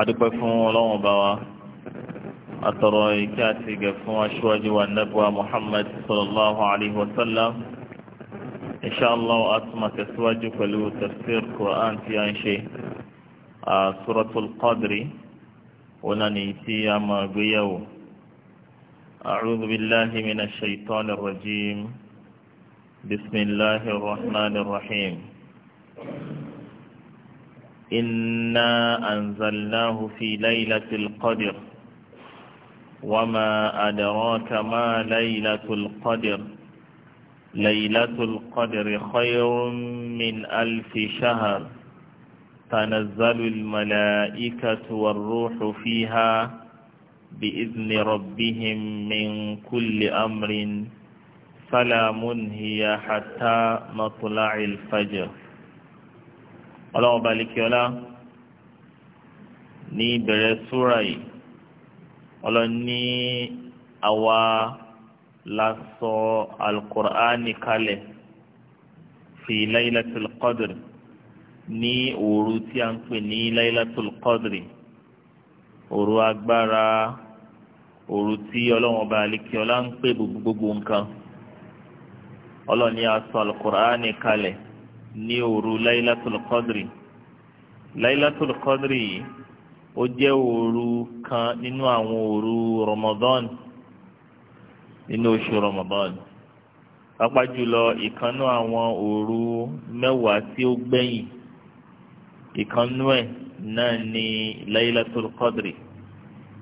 adúpẹ́ fún ọlọ́run bá wa atọ̀rọ̀ ìkẹ́ àti ìgẹ̀ fún aṣíwájú wa nẹ́bùwa Muhammad sallallahu alayhi wa sallam inshallah atuma tẹ̀síwájú pẹ̀lú tafsir Quran tí a ń ṣe a suratul qadri wọnà ní tí a máa gbéyàwó أعوذ بالله من الشيطان الرجيم بسم الله الرحمن الرحيم إنا أنزلناه في ليلة القدر وما أدراك ما ليلة القدر ليلة القدر خير من ألف شهر تنزل الملائكة والروح فيها بإذن ربهم من كل أمر فلا منهي حتى مطلع الفجر ọlọ́wọ́ balikiola ní ìbẹ̀rẹ̀ súra yìí ọlọ́ni àwa la sọ alukur'ani kalẹ̀ fi laylatul qadr ní òru tí a ń pè ní laylatul qadr òru agbára òru tí ọlọ́wọ́ balikiola ń pè gbogbo nǹkan ọlọ́ni a alukur'ani kalẹ̀ ní òru Lailatul Qadri Lailatul Qadri yìí ó jẹ́ òru kan nínú àwọn òru Ramadan nínú oṣù Ramadan pápá jùlọ ìkànnú àwọn òru mẹ́wàá tí ó gbẹ̀yìn ìkànnú ẹ̀ náà ní Lailatul Qadri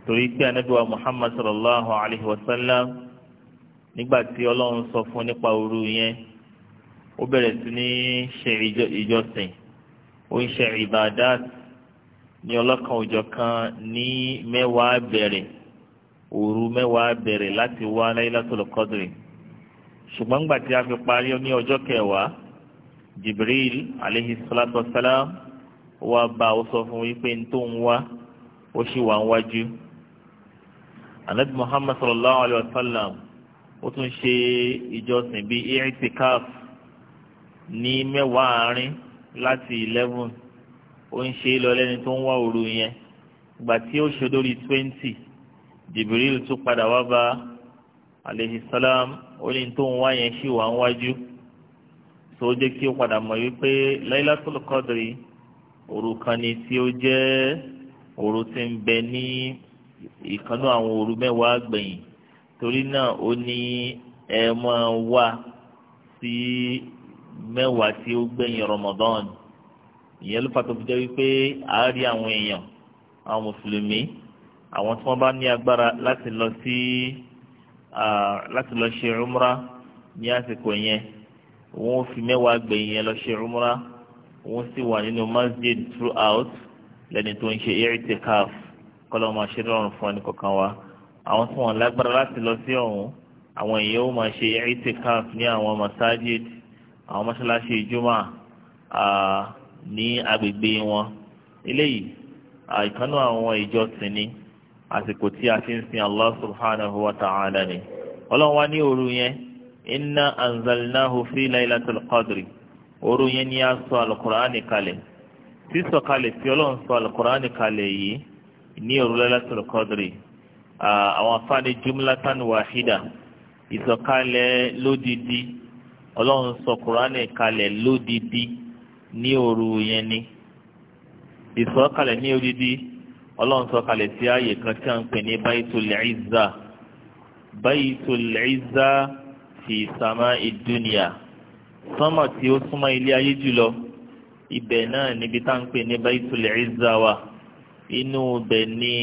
torí pé Ànábì Muhammad sallallahu alayhi wa sallam nígbà tí Ọlọ́run sọ fún nípa òru yẹn ó bẹ̀rẹ̀ sí ní ṣe ìjọsìn ó ń ṣe ìbàdát ní ọlọ́kan òjọ̀ kan ní mẹ́wàá bẹ̀rẹ̀ òru mẹ́wàá bẹ̀rẹ̀ láti wá Laylatul Qadri ṣùgbọ́n nígbà tí a fi parí ní ọjọ́ kẹwàá Jibril aleyhi salatu wasalam wá bá ó sọ fún wípé n tó ń wá ó sì wà wájú anabi Muhammad sallallahu alayhi wa sallam ó tún ṣe ìjọsìn bíi i'tikaf ní mẹ́wàá àárín láti eleven ó ń ṣe é lọ lẹ́ni tó ń wá òru yẹn ìgbà tí ó ṣe lórí twenty Jibril tún padà wá bá aleyhi salam ó ní tó ń wá yẹn ṣì wà ń wájú tó jẹ́ kí ó padà mọ̀ wípé Lailatul Qadri òru kan ni tí ó jẹ́ òru tí ń bẹ ní ìkànnú àwọn òru mẹ́wàá gbẹ̀yìn torí náà ó ní ẹ máa wá sí mẹ́wàá tí ó gbẹ̀yìn Ramadan ìyẹn ló fàtó fi jẹ́ wípé a rí àwọn èèyàn àwọn mùsùlùmí àwọn tí wọ́n bá ní agbára láti lọ sí láti lọ ṣe umra ní àsìkò yẹn wọ́n fi mẹ́wàá gbẹ̀yìn yẹn lọ ṣe umra wọ́n sì wà nínú masjid throughout lẹ́ni tó ń ṣe irtikaf kọ́lọ́ máa ṣe rọrùn fún ẹnì kọ̀ọ̀kan wa àwọn tí wọ́n lágbára láti lọ sí ọ̀hún àwọn èèyàn ó máa ṣe irtikaf ní àwọn masajid àwọn mọ́ṣáláṣí juma ní agbègbè wọn eléyìí àìkánú àwọn ìjọ sìn ní àsìkò tí a fi ń sin Allah subhanahu wa ta'ala ni ọlọ́run wá ní òru yẹn inna anzalnahu fi laylatul qadri òru yẹn ni a sọ alukur'ani kalẹ̀ sísọ kalẹ̀ tí ọlọ́run sọ alukur'ani kalẹ̀ yìí ní òru laylatul qadri àwọn afáàní jumlatan wahida ìsọ̀kalẹ̀ lódìdí ọlọ́run sọ kuraani kalẹ̀ lódìdí ní òru yẹn ni ìsọ̀kalẹ̀ ní odidi ọlọ́run sọ̀kalẹ̀ sí ààyè kan tí a ń pè ní Baitul Izza Baitul Izza fi sàmà ìdúnìyà sánmà tí ó súnmọ́ ilé ayé jùlọ ibẹ̀ náà níbi tá à ń pè ní Baitul wa inú ibẹ̀ ni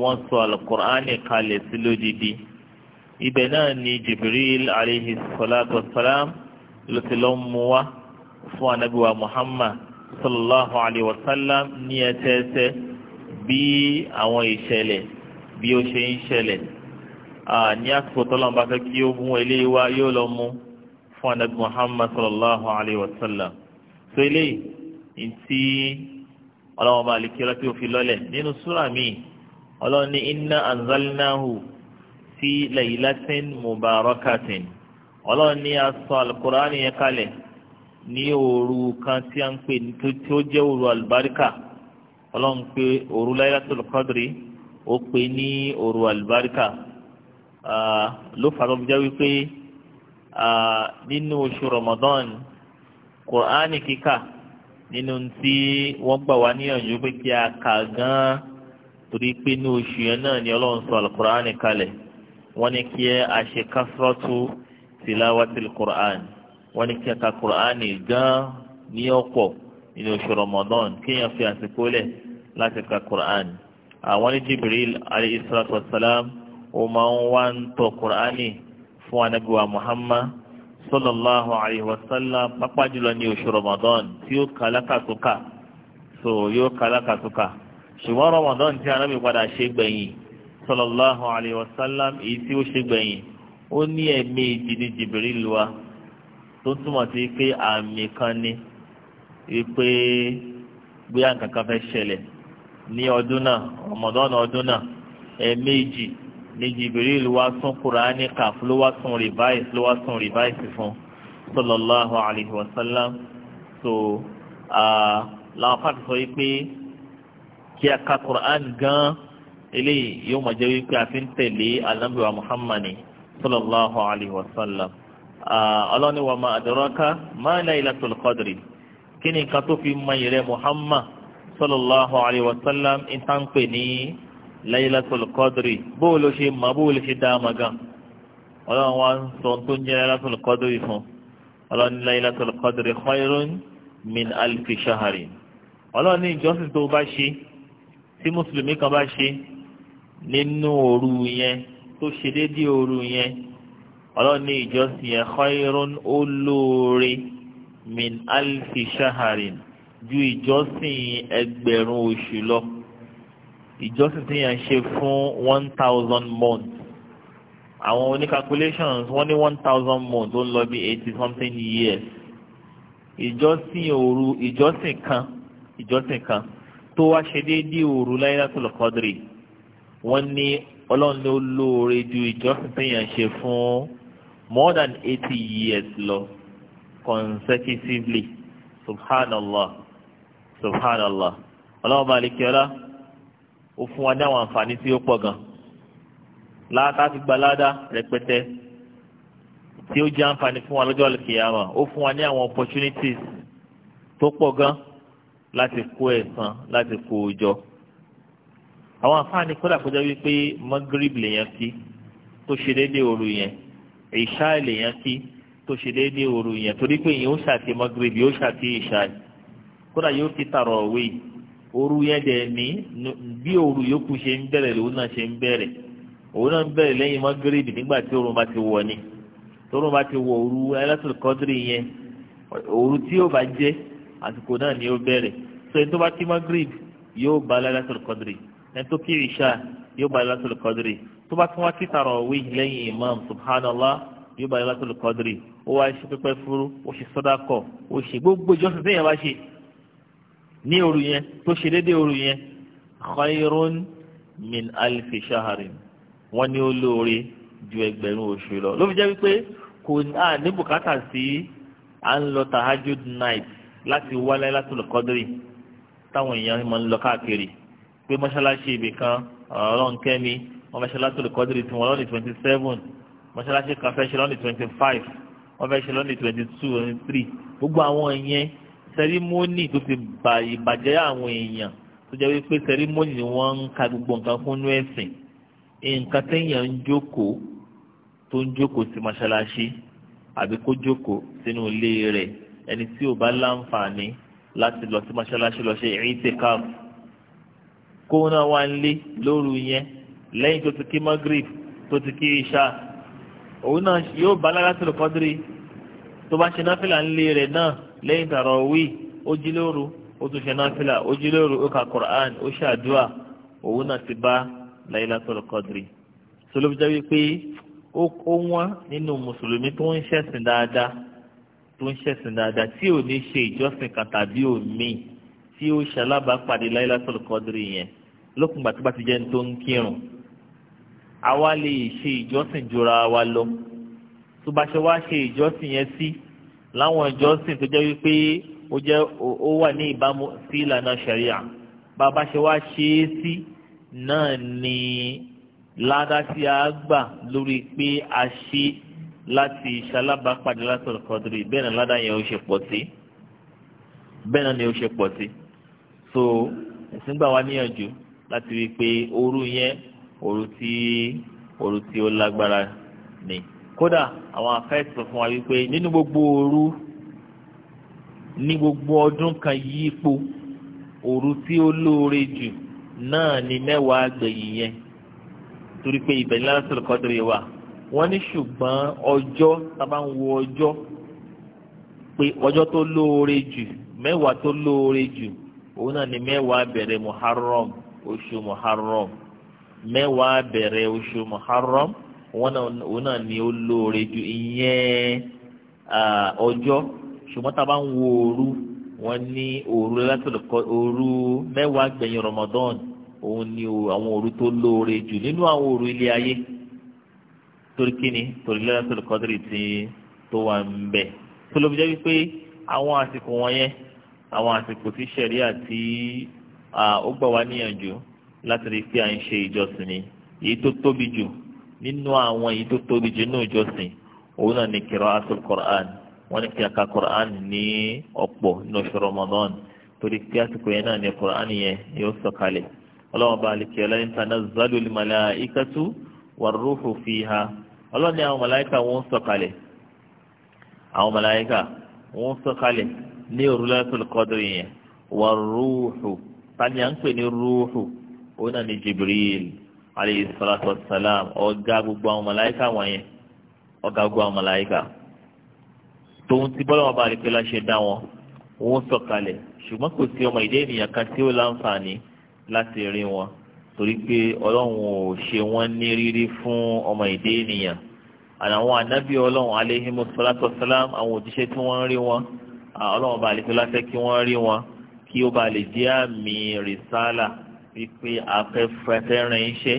wọ́n sọ alukur'ani kalẹ̀ sí lódidi ibẹ̀ náà ni Jibril alayhi salatu wa salam ló ti lọ mú wá fún anabi wa muhammad sallallahu alayhi wa sallam ní ẹsẹẹsẹ bí àwọn ìṣẹ̀lẹ̀ bí ó ṣe ń ṣẹlẹ̀ ní àsìkò tọ́lọ́mù bá fẹ́ kí ó mú eléyìí wá yóò lọ mú fún anabi muhammad sallallahu alayhi wa sallam tó eléyìí ntí ọlọ́wọ́n bá lè òfin lọ́lẹ̀ nínú súrà míì ọlọ́run ní inna anzalnahu sí laylatin mubarakatin ọlọ́run ní asọ alukurani yẹn kalẹ̀ ní òru kan tí a ń pè ní tí ó jẹ́ òru alibarika ọlọ́run pé òru Laylatul Qadri ó pè ní òru alibarika ló fàtọ́ bí jẹ́ wípé nínú oṣù Ramadan kurani kíkà nínú tí wọ́n gbà wá níyànjú pé kí a kà gan-an torí pé ní oṣù yẹn náà ni ọlọ́run sọ alukurani kalẹ̀ wọ́n ní kí a ṣe kásírọ́tù tilawatil Qur'an wọ́n ní kíkà Qur'an gan ní ọ̀pọ̀ nínú oṣù Ramadan kéèyàn fi àsìkò lẹ̀ láti ka Qur'an àwọn ní Jibril alayhi salatu wa salam ó máa ń wá ń tọ Qur'an fún Ànábì Muhammad sallallahu alayhi wa sallam pápá jùlọ ní oṣù Ramadan tí ó kà lákàtúnkà so yóò kà lákàtúnkà ṣùgbọ́n Ramadan tí Ànábì padà ṣe gbẹ̀yìn sallallahu alayhi wa sallam èyí tí ó ṣe gbẹ̀yìn ó ní ẹ̀ẹ̀mejì ní Jibril lu wa tó túmọ̀ sí pé àmì kan ni wípé bóyá nǹkan kan fẹ́ ṣẹlẹ̀ ní ọdún náà ọmọdọ́nà ọdún náà ẹ̀ẹ̀mejì ní Jibril lu wa tún Kùránì kà ló wá rìváìsì ló wá rìváìsì fún sallallahu alayhi wa sallam so làwọn fàtí sọ wípé kí a ka Kùránì gan eléyìí yóò máa jẹ́ wípé a fi ń tẹ̀lé alábìwá Muhammad sallallahu alayhi wa sallam ọlọ́ni ah, wa ma adraka ma laylatul qadri kí ni nǹkan tó fi mọ ìrẹ́ muhammad sallallahu alayhi wa sallam ìtàn pè ní laylatul qadri bó ló ṣe mọ bó ló ṣe dáa mọ gan ọlọ́run wa ń sọ tó ń jẹ́ laylatul qadri fún ọlọ́ni laylatul qadri khairun min alfi shahari ọlọ́run ìjọsìn tó bá ṣe tí mùsùlùmí kan bá ṣe nínú òru yẹn tó ṣe déédéé òru yẹn ọlọ́run ní ìjọsìn yẹn khairun ó lóore min alfi shaharin ju ìjọsìn ẹgbẹ̀rún oṣù lọ ìjọsìn tí yẹn ṣe fún one thousand months àwọn oní calculations wọ́n ní one thousand months ó ń lọ bí eighty something years ìjọsìn òru ìjọsìn kan ìjọsìn kan tó wá ṣe déédéé òru Laylatul Qadri wọ́n ní ọlọ́run ní olóore ju ìjọsìn téèyàn ṣe fún more than eighty years lọ consecutively subhanallah subhanallah ọlọ́run bá lè kí ọlá ó fún wa ní àwọn àǹfààní tí ó pọ̀ gan láàtà ti gba ládá rẹpẹtẹ tí ó jẹ́ àǹfààní fún wa lọ́jọ́ àlùkìyàmà ó fún wa ní àwọn opportunities tó pọ̀ gan láti kó ẹ̀san láti kó o jọ àwọn afáàní kódà kó jẹ́ wípé magrib lèyàn kí tó ṣe déédéé òru yẹn ìṣá lèyàn kí tó ṣe déédéé òru yẹn torí pé yìí ó ṣàti magrib yóò ṣàti ìṣá kódà yóò ti tààrọ̀ òwe òru yẹn dẹ̀ ní bí òru yòókù ṣe ń bẹ̀rẹ̀ lòun náà ṣe ń bẹ̀rẹ̀ òun náà ń bẹ̀rẹ̀ lẹ́yìn magrib nígbà tí òrùn bá ti wọ̀ ni tórùn bá ti wọ̀ òru ẹlẹ́tìrì kọ́dírì yẹn òru tí yóò bá jẹ́ àsìkò náà ni ó bẹ̀rẹ̀ so ẹni tó bá kí magrib yóò bá lẹ́lẹ́tìrì kọ́dírì ẹni tó kí ìṣá yóò bá Laylatul Qadri tó bá tún wá kí tarawih lẹ́yìn imam subhanallah yóò bá Laylatul Qadri ó wá ṣe pípẹ́ fúru ó ṣe sọ́dákọ̀ ó ṣe gbogbo ìjọsìn tó yẹn bá ṣe ní òru yẹn tó ṣe déédéé òru yẹn khairun min alfi shaharin wọ́n ní ó lóore ju ẹgbẹ̀rún oṣù lọ ló fi jẹ́ wípé kò ní bùkátà sí à ń lọ tahajud night láti wá Laylatul Qadri táwọn èèyàn máa ń lọ káàkiri pé mọ́ṣáláṣí ibì kan ọlọ́nkẹ́mi wọ́n fẹ́ ṣe látòlù kọ́dìrì tí wọ́n lọ́nì twenty seven mọ́ṣáláṣí kan fẹ́ ṣe lọ́nì twenty five wọ́n fẹ́ ṣe lọ́nì twenty two twenty three gbogbo àwọn ìyẹn sẹ́rímónì tó ti bàjẹ́ àwọn èèyàn tó jẹ́ wípé sẹ́rímónì ni wọ́n ń ka gbogbo nǹkan fún inú ẹ̀sìn nǹkan téèyàn ń jókòó tó ń jókòó sí mọ́ṣáláṣí àbí kó jókòó sínú ilé rẹ̀ ẹni tí ò bá láǹfààní láti lọ sí mọ́ṣáláṣí lọ ṣe ìrìntẹ́káàfù kóun náà wá ń lé lóru yẹn lẹ́yìn tó ti kí magrib tó ti kí isha òun náà yóò bá lálátìlú kọ́dírì tó bá ṣe náfìlà ń rẹ̀ náà lẹ́yìn tarawih ó jí ó tún ṣe náfìlà ó ó ka Qur'an ó ṣàdúà òun náà ti bá lálátìlú kọ́dírì sọlọ́bí jẹ́ wípé ó wọ́n nínú mùsùlùmí tó ń ṣẹ̀sìn dáadáa tó ń ṣẹ̀sìn dáadáa tí ò ní ṣe ìjọsìn kan tàbí òmíì tí ó ṣalábàápàdé láìláṣọlù kọdírì yẹn lókùngbà tó bá ti jẹ́ tó ń kírun àwa lè ṣe ìjọsìn jura wa lọ tó bá ṣe wá ṣe ìjọsìn yẹn sí láwọn ìjọsìn tó jẹ́ wípé ó jẹ́ ó wà ní ìbámu sí ìlànà ṣẹ̀ríà bá bá ṣe wá ṣe é sí náà ni ládá tí lórí pé a ṣe láti ṣalábàápàdé láìláṣọlù kọdírì bẹ́ẹ̀ náà ládá yẹn ó ṣe pọ̀ sí bẹ́ẹ̀ náà ni ó ṣe pọ̀ sí so ẹ̀sìn gbà wá níyànjú láti rí i pé òru yẹn òru tí òru tí ó lágbára ni kódà àwọn afẹ́sì sọ fún wa wípé nínú gbogbo òru ní gbogbo ọdún kan yípo òru tí ó lóore jù náà ni mẹ́wàá gbẹ̀yìn yẹn torí pé ibẹ̀ ní lásìkò kọ́dìrì wa wọ́n ní ṣùgbọ́n ọjọ́ sábà ń wo ọjọ́ pé ọjọ́ tó lóore jù mẹ́wàá tó lóore jù òun náà ni mẹ́wàá bẹ̀rẹ̀ muharram oṣù muharram mẹ́wàá bẹ̀rẹ̀ oṣù muharram òun náà ni ó lóore ju ìyẹn ọjọ́ ṣùgbọ́n tá a bá ń wo òru wọ́n ní òru látọ̀lọ́kọ́ òru mẹ́wàá gbẹ̀yìn ramadan òun ni àwọn òru tó lóore jù nínú àwọn òru ilé ayé torí kíni torí látọ̀lọ́kọ́ tó wà ń bẹ̀ tó ló fi jẹ́ wípé àwọn àsìkò wọ̀nyẹn àwọn àsìkò tí sẹ̀ríà tí ó gbà wá níyànjú láti rí pé à ń ṣe ìjọsìn ni èyí tó tóbi jù nínú àwọn èyí tó tóbi jù nínú ìjọsìn òun náà ni kiraatul Qur'an wọ́n ní kí a ka Qur'an ní ọ̀pọ̀ nínú oṣù Ramadan torí pé àsìkò yẹn náà ni Qur'an yẹn yóò sọ̀kalẹ̀ ọlọ́wọ́n bá alẹ́ kí ọlọ́yin tanazzalul malaikatu warruhu fiha ọlọ́ni àwọn màláìka wọ́n sọ̀kalẹ̀ àwọn màláìka wọ́n sọ̀kalẹ̀ ní òru Lailatul Qadr yẹn wà rúùhù tani à ń pè ní rúùhù ó náà ní Jibril alayhi salatu wa salam ọ̀gá gbogbo àwọn màláíkà wọ̀nyẹn ọ̀gá gbogbo àwọn màláíkà tòun ti bọ́lá wọn bá rí pé láṣẹ dá wọn wọn sọ̀kalẹ̀ ṣùgbọ́n kò sí ọmọ ìdí ènìyàn kan tí ó láǹfààní láti rí wọn torí pé ọlọ́run ò ṣe wọ́n ní rírí fún ọmọ ìdí ènìyàn àwọn ànábì ọlọ́run alayhimus salatu àwọn òjíṣẹ́ tí wọ́n rí wọn Ah, ọlọ́run bá lè fi láṣẹ kí wọ́n rí wọn kí ó bá lè jẹ́ àmì rìsálà wípé afẹ́fẹ́ràn iṣẹ́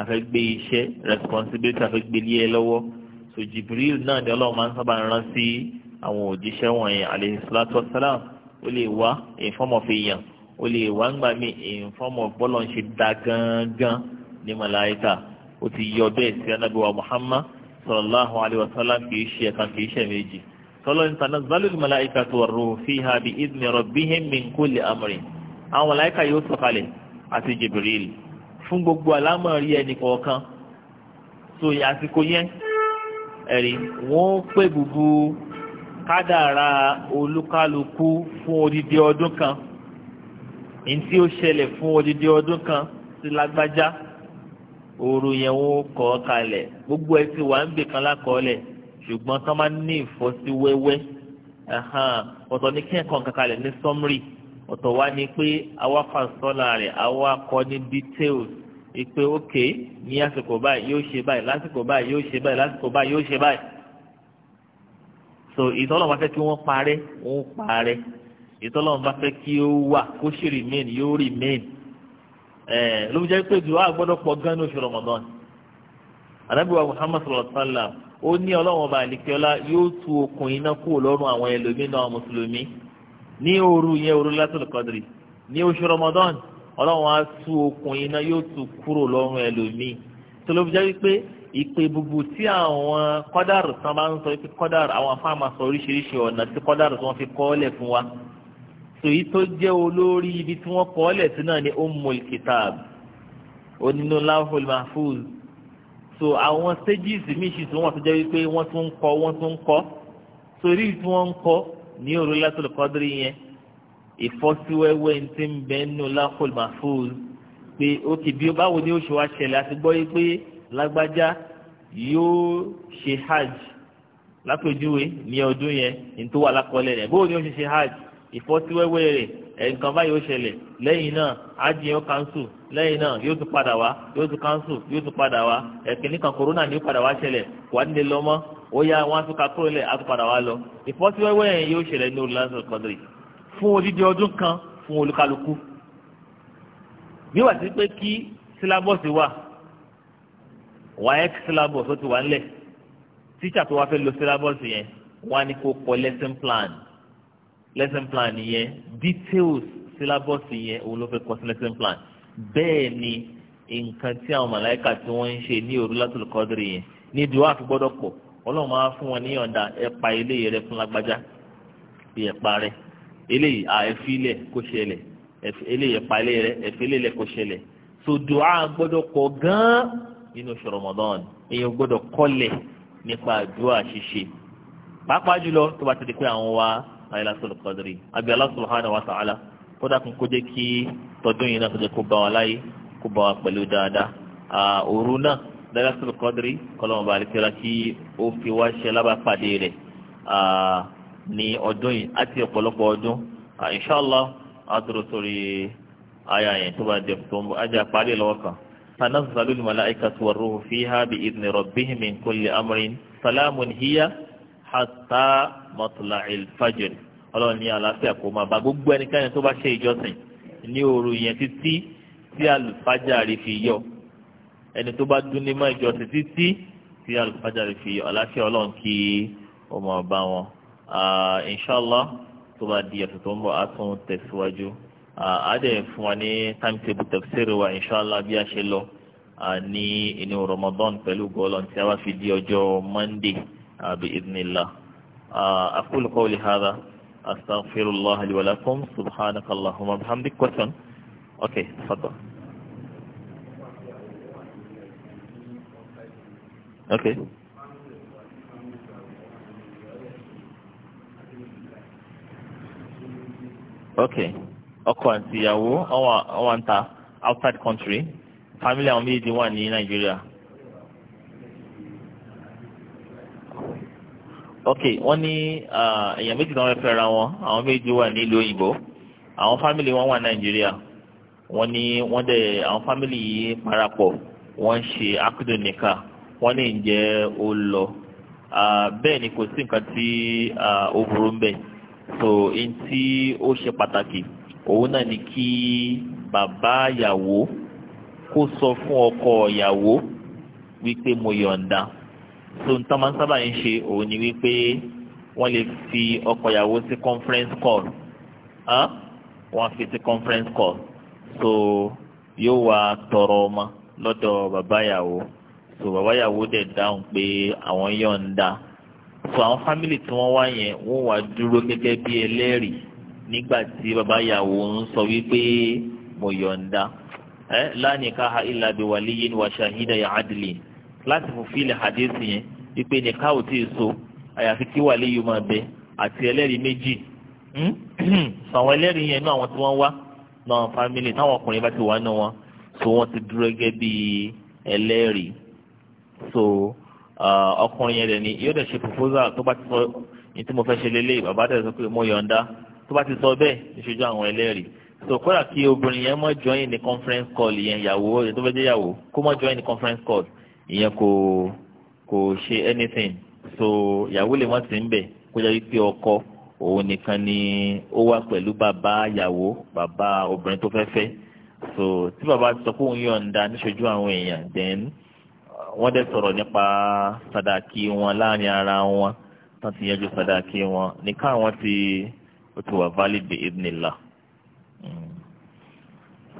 afẹ́gbé iṣẹ́ responsibility afẹ́gbélé ẹ lọ́wọ́ so Jibril náà ni ọlọ́run máa ń sábà rán sí àwọn òjíṣẹ́ wọ̀nyí alayhi salatu ó lè wá in form of èèyàn ó lè wá ń gbà mí in form of bọ́lọ̀ ń ṣe da gangan ní màláíkà ó ti yọ bẹ́ẹ̀ sí anábíwá Muhammad sallallahu alayhi wa sallam kì í ṣe ẹ̀ka kì í ṣe méjì tọ́lọ́ ní tanazzalu al-mala'ikatu war-ruhu fiha bi-idhni rabbihim min kulli amrin àwọn màláìka yóò sọ̀kalẹ̀ àti Jibril fún gbogbo àlámọ̀rí ẹnì kọ̀ọ̀kan so àsìkò yẹn ẹ̀rí wọ́n pè gbogbo kádàrá olúkálukú fún odidi ọdún kan ní tí ó ṣẹlẹ̀ fún odidi ọdún kan sí lágbájá òru yẹn wọ́n kọ gbogbo ẹ ti wà ń bì kan ṣùgbọ́n tó máa ní ìfọ́síwẹ́wẹ́ ọ̀tọ̀ ní kí ẹ̀kọ́ kankan lẹ̀ ní sọ́mrì ọ̀tọ̀ wá ní pé àwa fàṣọ́là rẹ̀ àwa kọ́ ní details ìpè ókè ní àsìkò báyìí yóò ṣe báyìí lásìkò báyìí yóò ṣe báyìí lásìkò báyìí yóò ṣe báyìí. so ìtọ́lọ́ bá fẹ́ kí wọ́n parẹ́ wọ́n parẹ́ ìtọ́lọ́ bá fẹ́ kí ó wà kó sì remain yóò remain. ẹ̀ẹ́d ló ń jẹ́ pé jù á gbọ́dọ̀ pọ̀ gan ní oṣù Ramadan. anábìwá Muhammad sallallahu alayhi wa sallam ó ní ọlọ́run ọba àlìkẹ́ọ́lá yóò tú okùn iná kúrò lọ́rùn àwọn ẹlòmínà mùsùlùmí ní òru yẹn òru látòlù kọ́dìrì ní oṣù rọmọdán ọlọ́run á tú okùn iná yóò tú kúrò lọ́rùn ẹlòmí tó ló fi jẹ́ wípé ìpè bùbù tí àwọn kọ́dàrù tán bá ń sọ pé kọ́dàrù àwọn afáàmà sọ oríṣiríṣi ọ̀nà tí kọ́dàrù tí wọ́n fi kọ́ọ́lẹ̀ fún wa tòyí tó jẹ́ olórí ibi tí wọ́n kọ́ọ́lẹ̀ sí náà ni ummul kitab onínú láhùl so àwọn stages mi sì tún wọn tó jẹ́ wípé wọ́n tún ń kọ́ wọ́n tún ń kọ́ torí tí wọ́n ń kọ́ ní òru látòlù kọ́dírì yẹn ìfọ́síwẹ́wẹ́ ti ń bẹ nínú lákòl mahfuz pé òkè bí báwo ni ó ṣe wá ṣẹlẹ̀ àti gbọ́ yìí pé lágbájá yóò ṣe hajj lápèjúwe ní ọdún yẹn ní tó wà lákọọ́lẹ̀ rẹ̀ báwo ni ó ṣe ṣe hajj ìfọ́síwẹ́wẹ́ rẹ̀ nǹkan báyìí ó ṣẹlẹ̀ lẹ́yìn náà ájì yóò kánṣu lẹ́yìn náà yóò tún padà wá yóò tún kánṣu yóò tún padà wá ẹ̀kíní kan kòrónà ní padà wá ṣẹlẹ̀ wà nílé lọ́mọ́ ó yá wọn á tún ka kúrò lẹ̀ á tún padà wá lọ ìfọ́síwẹ́wẹ́ yẹn yóò ṣẹlẹ̀ ní olùlànà kọ́ndírì fún odidi ọdún kan fún olúkálukú níwà sí pé kí sílábọ̀sì wà wáyé sílábọ̀sì ó ti wà ńlẹ̀ tíṣà tó wá fẹ́ lo sílábọ̀sì yẹn wọ́n á ní kó kọ lesson plan lesson plan yẹn details syllabus yẹn òun ló fẹ́ kọ́ sí lesson plan bẹ́ẹ̀ ni nǹkan tí àwọn màláìka tí wọ́n ń ṣe ní òru látòlù kọ́dìrì yẹn ní ìdúró àfi gbọ́dọ̀ pọ̀ ọlọ́run máa fún wọn níyọ̀ǹda ẹ pa eléyìí rẹ fún lágbájá bí ẹ rẹ eléyìí à ẹ kó ṣẹlẹ̀ eléyìí ẹ eléyìí rẹ ẹ lẹ̀ kó ṣẹlẹ̀ so dùá gbọ́dọ̀ pọ̀ gan nínú oṣù Ramadan èèyàn gbọ́dọ̀ kọ́lẹ̀ nípa dùá ṣíṣe pàápàá jùlọ tó bá ti di pé àwọn wa Laylatul Qadr àbí Allah subhanahu wa ta'ala kó dákun kó jẹ́ kí tọdún yìí náà kó jẹ́ kó bá wa láyé kó bá wa pẹ̀lú dáadáa òru náà Laylatul Qadr kọlọ́mọba àlekèrè kí ó fi wá ṣe lábàpàdé rẹ̀ ní ọdún yìí àti ọ̀pọ̀lọpọ̀ ọdún inshallah adúró sórí aya yẹn tó bá jẹ tó ń bọ ajá parí lọ́wọ́ kan. tanazzalu al-mala'ikatu war-ruhu fiha bi idhni rabbihim min kulli amrin salamun hiya hatta matla'il fajr ọlọ́run ní àlàáfíà kó máa bá gbogbo ẹnikẹ́ni tó bá ṣe ìjọsìn ní òru yẹn títí tí àlùfájàrí fi yọ ẹni tó bá dún ní mọ́ ìjọsìn títí tí àlùfájàrí fi yọ àlàáfíà ọlọ́run kí ó máa bá wọn inṣàlá tó bá di ọ̀sẹ̀ tó ń bọ̀ á tún tẹ̀síwájú àádẹ́ fún wa ní timetable tafsir wa inṣàlá bí a ṣe lọ ní inú Ramadan pẹ̀lú gọ́ọ̀lọ́n tí a wá fi di ọjọ́ Monday. بإذن الله أقول قولي هذا أستغفر الله لي ولكم سبحانك اللهم وبحمدك question okay تفضل okay okay ọkọ àti ìyàwó ọwọ́ àǹta outside country family àwọn méjì wà ní Nigeria. ok wọ́n ní èèyàn méjì náà fẹ́ ra wọn àwọn méjì wà nílùú òyìnbó àwọn fámìlì wọn wà nàìjíríà wọ́n ní wọ́n dẹ̀ àwọn fámìlì yìí parapọ̀ wọ́n ń ṣe akudu nìka wọ́n ní ǹjẹ́ ó bẹ́ẹ̀ ni kò sí nǹkan tí ó ń bẹ̀ so n tí ó ṣe pàtàkì òun náà ni kí bàbá ìyàwó kó sọ fún ọkọ ìyàwó wípé mo yọ̀ǹda tó ń tán máa ń sábà ń ṣe òun ni wípé wọ́n lè fi ọkọ ìyàwó sí conference call wọ́n fi sí conference call so yóò wá tọrọ ọmọ lọ́dọ̀ bàbá ìyàwó so bàbá ìyàwó dẹ̀ dáhùn pé àwọn yọ̀ǹda so àwọn family tí wọ́n wá yẹn wọ́n wá dúró gẹ́gẹ́ bí ẹlẹ́rìí nígbà tí bàbá ìyàwó ń sọ wípé mo yọ̀ǹda ẹ la nikaha illa bi waliyin wa shahida ya adli láti fòfílẹ̀ hadith yẹn wípé nìka ò tí ì so àyàfi kí wàlẹ́ yìí máa bẹ àti ẹlẹ́rìí méjì hmm? sàwọn ẹlẹ́rìí yẹn inú àwọn tí wọ́n wá náà fámìlì táwọn ọkùnrin bá ti wà nù wọn so wọ́n ti dúró gẹ́gẹ́ bí ẹlẹ́rìí so ọkùnrin yẹn dẹ̀ ni yóò dẹ̀ ṣe proposal tó bá ti sọ ní tí mo fẹ́ ṣe lélẹ́yìí bàbá dẹ̀ sọ pé mo yọ̀ǹda tó bá ti sọ bẹ́ẹ̀ ìṣojú àwọn ẹlẹ́rìí so kódà kí obìnrin yẹn mọ̀ join ní conference call yẹn yàwó tó fẹ́ jẹ́ yàwó kó mọ̀ join ní conference call ìyẹn kò kò ṣe anything so ìyàwó lè wọ́n sì ń bẹ̀ kó jẹ́ wípé ọkọ òun nìkan ni ó wà pẹ̀lú bàbá ìyàwó bàbá obìnrin tó fẹ́ fẹ́ so tí bàbá sọ pé òun yọ̀ǹda níṣojú àwọn èèyàn then wọ́n dẹ̀ sọ̀rọ̀ nípa sàdáàkì wọn láàrin ara wọn tán ti yanjú sàdáàkì wọn nìkan àwọn ti ó ti wà valid bi idnillah.